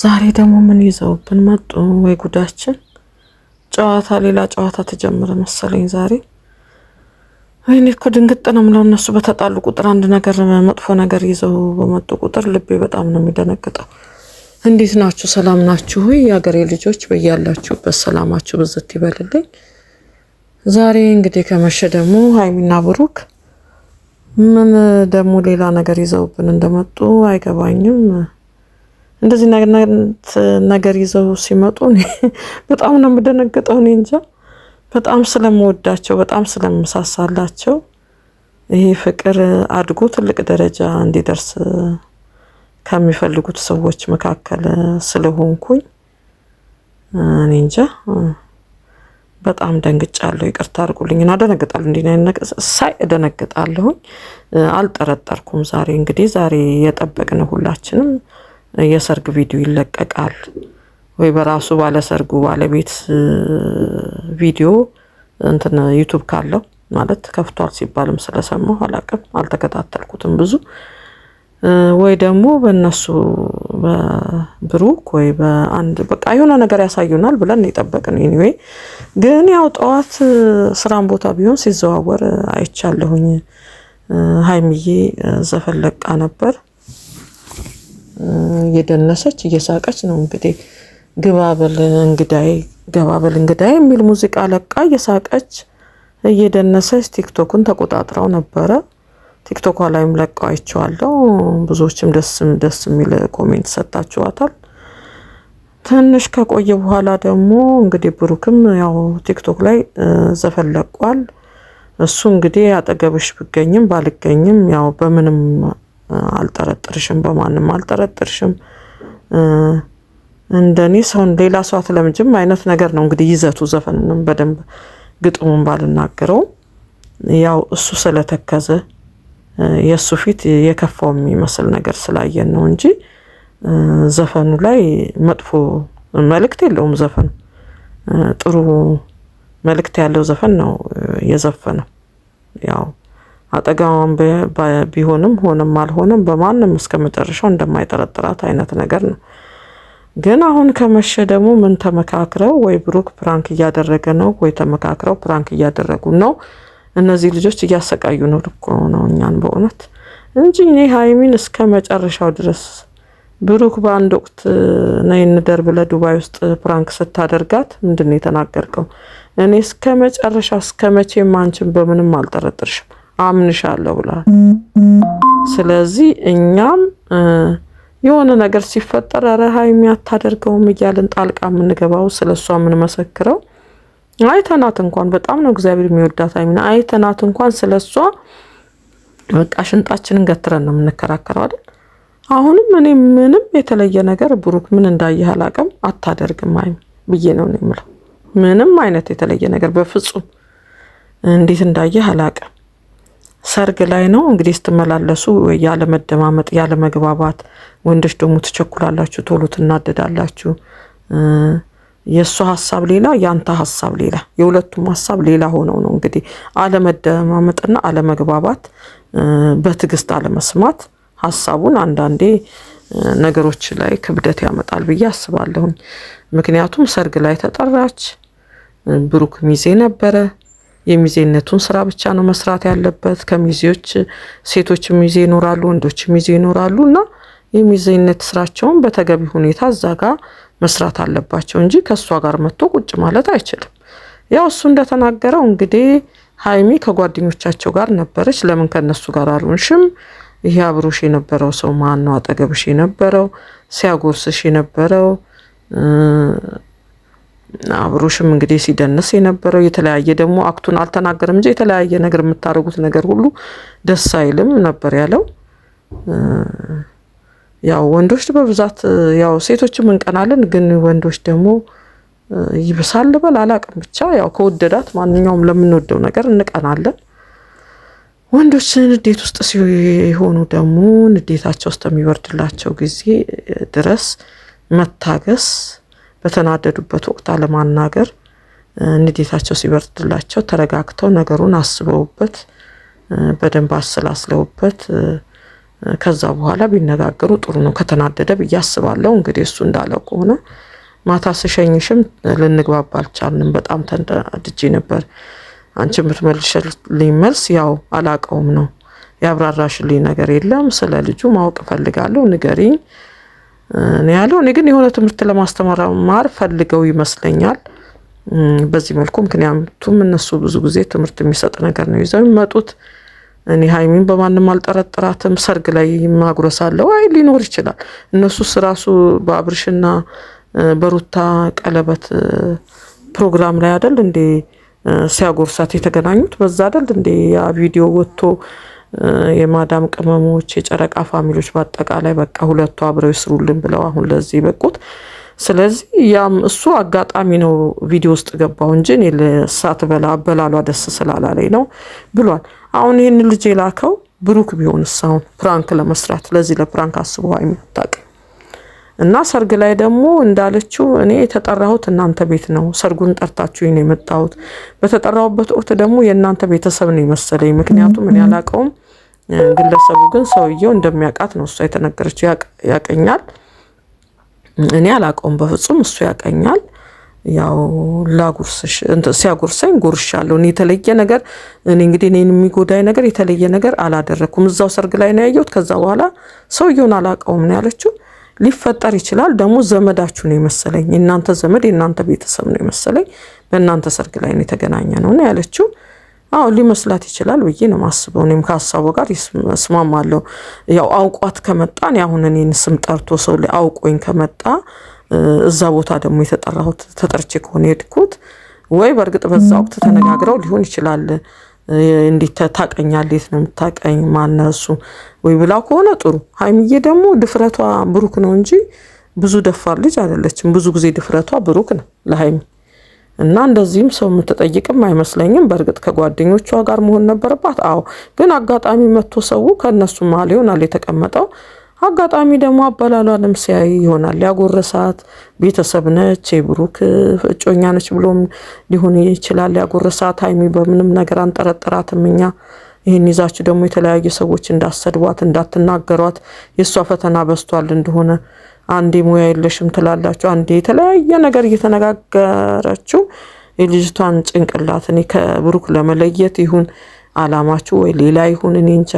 ዛሬ ደግሞ ምን ይዘውብን መጡ? ወይ ጉዳችን! ጨዋታ ሌላ ጨዋታ ተጀመረ መሰለኝ ዛሬ። ወይኔ እኮ ድንግጥ ነው ምለው። እነሱ በተጣሉ ቁጥር አንድ ነገር መጥፎ ነገር ይዘው በመጡ ቁጥር ልቤ በጣም ነው የሚደነግጠው። እንዴት ናችሁ? ሰላም ናችሁ? የሀገሬ ልጆች በያላችሁበት ሰላማችሁ ብዝት ይበልልኝ። ዛሬ እንግዲህ ከመሸ ደግሞ ሀይሚና ብሩክ ምን ደግሞ ሌላ ነገር ይዘውብን እንደመጡ አይገባኝም። እንደዚህ ነገር ይዘው ሲመጡ በጣም ነው የምደነግጠው። እኔ እንጃ በጣም ስለምወዳቸው በጣም ስለምሳሳላቸው ይሄ ፍቅር አድጎ ትልቅ ደረጃ እንዲደርስ ከሚፈልጉት ሰዎች መካከል ስለሆንኩኝ እኔ እንጃ በጣም ደንግጫለሁ። ይቅርታ አድርጉልኝ እና ደነግጣለሁ። እንዲህ ሳይ እደነግጣለሁኝ። አልጠረጠርኩም። ዛሬ እንግዲህ ዛሬ የጠበቅነው ሁላችንም የሰርግ ቪዲዮ ይለቀቃል ወይ በራሱ ባለሰርጉ ባለቤት ቪዲዮ እንትን ዩቱብ ካለው ማለት ከፍቷል ሲባልም ስለሰማሁ አላቅም፣ አልተከታተልኩትም ብዙ ወይ ደግሞ በእነሱ በብሩክ ወይ በአንድ በቃ የሆነ ነገር ያሳዩናል ብለን የጠበቅን። ኤኒዌይ ግን ያው ጠዋት ስራን ቦታ ቢሆን ሲዘዋወር አይቻለሁኝ። ሀይሚዬ ዘፈን ለቃ ነበር። እየደነሰች እየሳቀች ነው እንግዲህ ግባበል እንግዳይ ግባበል እንግዳይ የሚል ሙዚቃ ለቃ እየሳቀች እየደነሰች ቲክቶኩን ተቆጣጥረው ነበረ። ቲክቶኳ ላይም ለቀው አይቼዋለሁ። ብዙዎችም ደስ ደስ የሚል ኮሜንት ሰጣችኋታል። ትንሽ ከቆየ በኋላ ደግሞ እንግዲህ ብሩክም ያው ቲክቶክ ላይ ዘፈን ለቋል። እሱ እንግዲህ አጠገብሽ ብገኝም ባልገኝም ያው በምንም አልጠረጥርሽም፣ በማንም አልጠረጥርሽም። እንደኔ ሰውን ሌላ ሰው አትለምጅም አይነት ነገር ነው እንግዲህ ይዘቱ። ዘፈንንም በደንብ ግጥሙን ባልናገረው ያው እሱ ስለተከዘ የእሱ ፊት የከፋው የሚመስል ነገር ስላየን ነው እንጂ ዘፈኑ ላይ መጥፎ መልእክት የለውም። ዘፈኑ ጥሩ መልእክት ያለው ዘፈን ነው የዘፈነው ያው አጠገቧን ቢሆንም ሆነም አልሆነም በማንም እስከ መጨረሻው እንደማይጠረጥራት አይነት ነገር ነው። ግን አሁን ከመሸ ደግሞ ምን ተመካክረው ወይ ብሩክ ፕራንክ እያደረገ ነው ወይ ተመካክረው ፕራንክ እያደረጉ ነው። እነዚህ ልጆች እያሰቃዩ ነው ልኮ ነው እኛን በእውነት እንጂ እኔ ሀይሚን እስከ መጨረሻው ድረስ ብሩክ በአንድ ወቅት ነይ እንደር ብለህ ዱባይ ውስጥ ፕራንክ ስታደርጋት ምንድን ነው የተናገርከው? እኔ እስከ መጨረሻ እስከ መቼም አንቺን በምንም አልጠረጥርሽም አምንሻለሁ ብሏል። ስለዚህ እኛም የሆነ ነገር ሲፈጠር ኧረ ሀይሚ አታደርገውም እያልን ጣልቃ የምንገባው ስለ እሷ የምንመሰክረው አይተናት እንኳን በጣም ነው እግዚአብሔር የሚወዳት ሀይሚና አይተናት እንኳን ስለ እሷ በቃ ሽንጣችንን ገትረን ነው የምንከራከረው አይደል? አሁንም እኔ ምንም የተለየ ነገር ብሩክ ምን እንዳየህ አላቅም አታደርግም ሀይሚ ብዬ ነው የምለው። ምንም አይነት የተለየ ነገር በፍጹም እንዴት እንዳየህ አላቅም። ሰርግ ላይ ነው እንግዲህ ስትመላለሱ ያለመደማመጥ፣ ያለመግባባት ወንዶች ደግሞ ትቸኩላላችሁ፣ ቶሎ ትናደዳላችሁ። የእሱ ሀሳብ ሌላ፣ ያንተ ሀሳብ ሌላ፣ የሁለቱም ሀሳብ ሌላ ሆነው ነው እንግዲህ አለመደማመጥና አለመግባባት፣ በትዕግስት አለመስማት ሀሳቡን አንዳንዴ ነገሮች ላይ ክብደት ያመጣል ብዬ አስባለሁኝ። ምክንያቱም ሰርግ ላይ ተጠራች፣ ብሩክ ሚዜ ነበረ የሚዜነቱን ስራ ብቻ ነው መስራት ያለበት። ከሚዜዎች ሴቶች ሚዜ ይኖራሉ፣ ወንዶች ሚዜ ይኖራሉ እና የሚዜነት ስራቸውን በተገቢ ሁኔታ እዛ ጋር መስራት አለባቸው እንጂ ከእሷ ጋር መጥቶ ቁጭ ማለት አይችልም። ያው እሱ እንደተናገረው እንግዲህ ሀይሚ ከጓደኞቻቸው ጋር ነበረች። ለምን ከነሱ ጋር አልሆንሽም? ይሄ አብሮሽ የነበረው ሰው ማን ነው? አጠገብሽ የነበረው ሲያጎርስሽ የነበረው አብሮሽም እንግዲህ ሲደንስ የነበረው የተለያየ ደግሞ አክቱን አልተናገርም እንጂ የተለያየ ነገር የምታደርጉት ነገር ሁሉ ደስ አይልም ነበር ያለው። ያው ወንዶች በብዛት ያው ሴቶችም እንቀናለን፣ ግን ወንዶች ደግሞ ይብሳል ልበል አላቅም። ብቻ ያው ከወደዳት ማንኛውም ለምንወደው ነገር እንቀናለን። ወንዶች ንዴት ውስጥ ሲሆኑ ደግሞ ንዴታቸው እስከሚወርድላቸው ጊዜ ድረስ መታገስ በተናደዱበት ወቅት አለማናገር ንዴታቸው ሲበርድላቸው ተረጋግተው ነገሩን አስበውበት በደንብ አሰላስለውበት ከዛ በኋላ ቢነጋገሩ ጥሩ ነው። ከተናደደ ብዬ አስባለሁ። እንግዲህ እሱ እንዳለው ከሆነ ማታ ስሸኝሽም ልንግባባ አልቻልንም። በጣም ተናድጄ ነበር። አንቺ የምትመልሽልኝ መልስ ያው አላቀውም ነው። ያብራራሽልኝ ነገር የለም። ስለ ልጁ ማወቅ እፈልጋለሁ፣ ንገሪኝ ነው ያለው። እኔ ግን የሆነ ትምህርት ለማስተማር ፈልገው ይመስለኛል በዚህ መልኩ። ምክንያቱም እነሱ ብዙ ጊዜ ትምህርት የሚሰጥ ነገር ነው ይዘው የሚመጡት። እኔ ሀይሚን በማንም አልጠረጥራትም። ሰርግ ላይ ማጉረስ አይ ሊኖር ይችላል። እነሱ ስራሱ በአብርሽና በሩታ ቀለበት ፕሮግራም ላይ አደል እንዴ ሲያጎርሳት የተገናኙት በዛ አደል እንዴ ያ ቪዲዮ ወጥቶ የማዳም ቅመሞች፣ የጨረቃ ፋሚሊዎች በአጠቃላይ በቃ ሁለቱ አብረው ይስሩልን ብለው አሁን ለዚህ በቁት። ስለዚህ ያም እሱ አጋጣሚ ነው። ቪዲዮ ውስጥ ገባው እንጂ እኔ ልሳት በላ አበላሏ ደስ ስላላለኝ ነው ብሏል። አሁን ይህን ልጅ የላከው ብሩክ ቢሆን እሳሁን ፕራንክ ለመስራት ለዚህ ለፕራንክ አስበው አይታቅም እና ሰርግ ላይ ደግሞ እንዳለችው እኔ የተጠራሁት እናንተ ቤት ነው። ሰርጉን ጠርታችሁኝ ነው የመጣሁት። በተጠራሁበት ወቅት ደግሞ የእናንተ ቤተሰብ ነው የመሰለኝ። ምክንያቱም እኔ አላውቀውም፣ ግለሰቡ ግን ሰውየው እንደሚያውቃት ነው እሷ የተነገረችው። ያቀኛል፣ እኔ አላውቀውም በፍጹም። እሱ ያቀኛል። ያው ላጉርስሽ ሲያጉርሰኝ ጉርሻለሁ። እኔ የተለየ ነገር እኔ እንግዲህ እኔን የሚጎዳኝ ነገር የተለየ ነገር አላደረኩም። እዛው ሰርግ ላይ ነው ያየሁት። ከዛ በኋላ ሰውየውን አላውቀውም ነው ያለችው። ሊፈጠር ይችላል። ደግሞ ዘመዳችሁ ነው የመሰለኝ የእናንተ ዘመድ የእናንተ ቤተሰብ ነው የመሰለኝ በእናንተ ሰርግ ላይ ነው የተገናኘ ነው ነው ያለችው። አዎ ሊመስላት ይችላል ብዬ ነው ማስበው። እኔም ከሀሳቡ ጋር እስማማለሁ። ያው አውቋት ከመጣን አሁን እኔን ስም ጠርቶ ሰው አውቆኝ ከመጣ እዛ ቦታ ደግሞ የተጠራሁት ተጠርቼ ከሆነ የሄድኩት ወይ በእርግጥ በዛ ወቅት ተነጋግረው ሊሆን ይችላል እንዴት ታቀኛለች ነው የምታቀኝ ማነው እሱ ወይ ብላ ከሆነ ጥሩ። ሀይሚዬ ደግሞ ድፍረቷ ብሩክ ነው እንጂ ብዙ ደፋር ልጅ አይደለችም። ብዙ ጊዜ ድፍረቷ ብሩክ ነው ለሀይሚ እና እንደዚህም ሰው የምትጠይቅም አይመስለኝም። በእርግጥ ከጓደኞቿ ጋር መሆን ነበረባት። አዎ ግን አጋጣሚ መጥቶ ሰው ከእነሱ መሀል ይሆናል የተቀመጠው አጋጣሚ ደግሞ አባላሏንም ሲያይ ይሆናል ያጎረሳት ቤተሰብ ነች፣ የብሩክ እጮኛ ነች ብሎም ሊሆን ይችላል ያጎረሳት። ሀይሚ በምንም ነገር አንጠረጠራትም እኛ ይህን ይዛችሁ ደግሞ የተለያዩ ሰዎች እንዳሰድቧት እንዳትናገሯት፣ የእሷ ፈተና በስቷል እንደሆነ አንዴ ሙያ የለሽም ትላላችሁ፣ አንዴ የተለያየ ነገር እየተነጋገረችው የልጅቷን ጭንቅላት እኔ ከብሩክ ለመለየት ይሁን አላማችሁ ወይ ሌላ ይሁን እኔ እንጃ።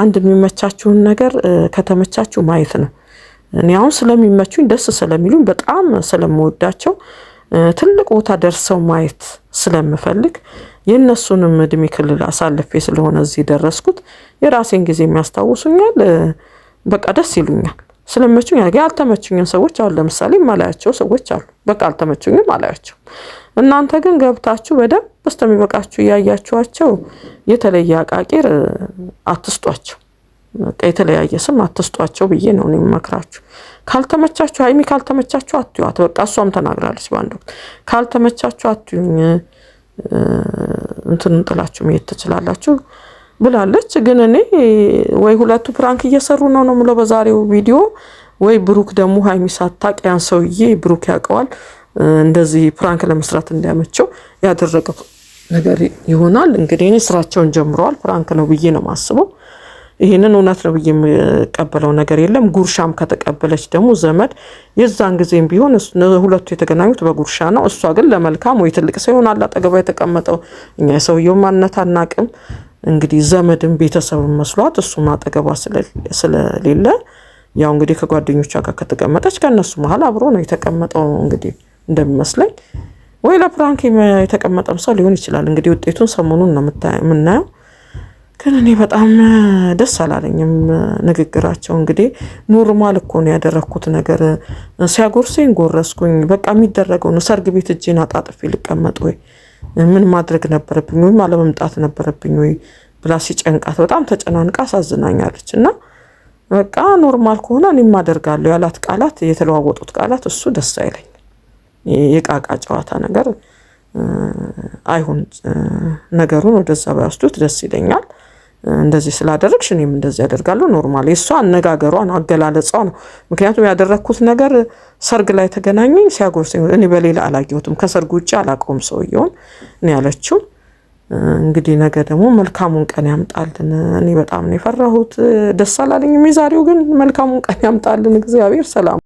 አንድ የሚመቻችሁን ነገር ከተመቻችሁ ማየት ነው። እኔ አሁን ስለሚመቹኝ ደስ ስለሚሉኝ በጣም ስለምወዳቸው ትልቅ ቦታ ደርሰው ማየት ስለምፈልግ የእነሱንም እድሜ ክልል አሳልፌ ስለሆነ እዚህ ደረስኩት። የራሴን ጊዜ የሚያስታውሱኛል። በቃ ደስ ይሉኛል ስለመቹኝ። ያልተመቹኝን ሰዎች አሁን ለምሳሌ ማላያቸው ሰዎች አሉ። በቃ አልተመቹኝም አላያቸው እናንተ ግን ገብታችሁ በደንብ እስከሚበቃችሁ እያያችኋቸው የተለየ አቃቂር አትስጧቸው። በቃ የተለያየ ስም አትስጧቸው ብዬ ነው የሚመክራችሁ። ካልተመቻችሁ ሀይሚ ካልተመቻችሁ አትዩዋት። በቃ እሷም ተናግራለች በአንድ ወቅት ካልተመቻችሁ አትዩኝ እንትን እንጥላችሁ መሄድ ትችላላችሁ ብላለች። ግን እኔ ወይ ሁለቱ ፕራንክ እየሰሩ ነው ነው የምለው በዛሬው ቪዲዮ፣ ወይ ብሩክ ደግሞ ሀይሚ ሳታቅ ያን ሰውዬ ብሩክ ያውቀዋል እንደዚህ ፕራንክ ለመስራት እንዲያመቸው ያደረገው ነገር ይሆናል። እንግዲህ እኔ ስራቸውን ጀምረዋል። ፕራንክ ነው ብዬ ነው የማስበው። ይህንን እውነት ነው ብዬ የምቀበለው ነገር የለም። ጉርሻም ከተቀበለች ደግሞ ዘመድ የዛን ጊዜም ቢሆን ሁለቱ የተገናኙት በጉርሻ ነው። እሷ ግን ለመልካም ወይ ትልቅ ሰው ይሆናል አጠገቧ የተቀመጠው። እኛ የሰውየው ማንነት አናቅም። እንግዲህ ዘመድም ቤተሰብም መስሏት እሱም አጠገቧ ስለሌለ ያው እንግዲህ ከጓደኞቿ ጋር ከተቀመጠች ከእነሱ መሀል አብሮ ነው የተቀመጠው እንግዲህ እንደሚመስለኝ ወይ ለፕራንክ የተቀመጠም ሰው ሊሆን ይችላል። እንግዲህ ውጤቱን ሰሞኑን ነው የምናየው። ግን እኔ በጣም ደስ አላለኝም ንግግራቸው። እንግዲህ ኖርማል እኮ ነው ያደረግኩት ነገር። ሲያጎርሰኝ ጎረስኩኝ፣ በቃ የሚደረገው ነው። ሰርግ ቤት እጄን አጣጥፌ ልቀመጥ ወይ ምን ማድረግ ነበረብኝ ወይም አለመምጣት ነበረብኝ ወይ ብላ ሲጨንቃት በጣም ተጨናንቃ አሳዝናኛለች። እና በቃ ኖርማል ከሆነ እኔም አደርጋለሁ ያላት ቃላት የተለዋወጡት ቃላት እሱ ደስ አይለኝ የቃቃ ጨዋታ ነገር አይሁን። ነገሩን ወደዛ ባይወስዱት ደስ ይለኛል። እንደዚህ ስላደረግሽ እኔም እንደዚህ ያደርጋለሁ። ኖርማል የእሷ አነጋገሯ ነው፣ አገላለጿ ነው። ምክንያቱም ያደረግኩት ነገር ሰርግ ላይ ተገናኘኝ ሲያጎርሰኝ፣ እኔ በሌላ አላየሁትም፣ ከሰርግ ውጭ አላውቀውም ሰውየውን ነው ያለችው። እንግዲህ ነገ ደግሞ መልካሙን ቀን ያምጣልን። እኔ በጣም ነው የፈራሁት፣ ደስ አላለኝም። የዛሬው ግን መልካሙን ቀን ያምጣልን እግዚአብሔር። ሰላም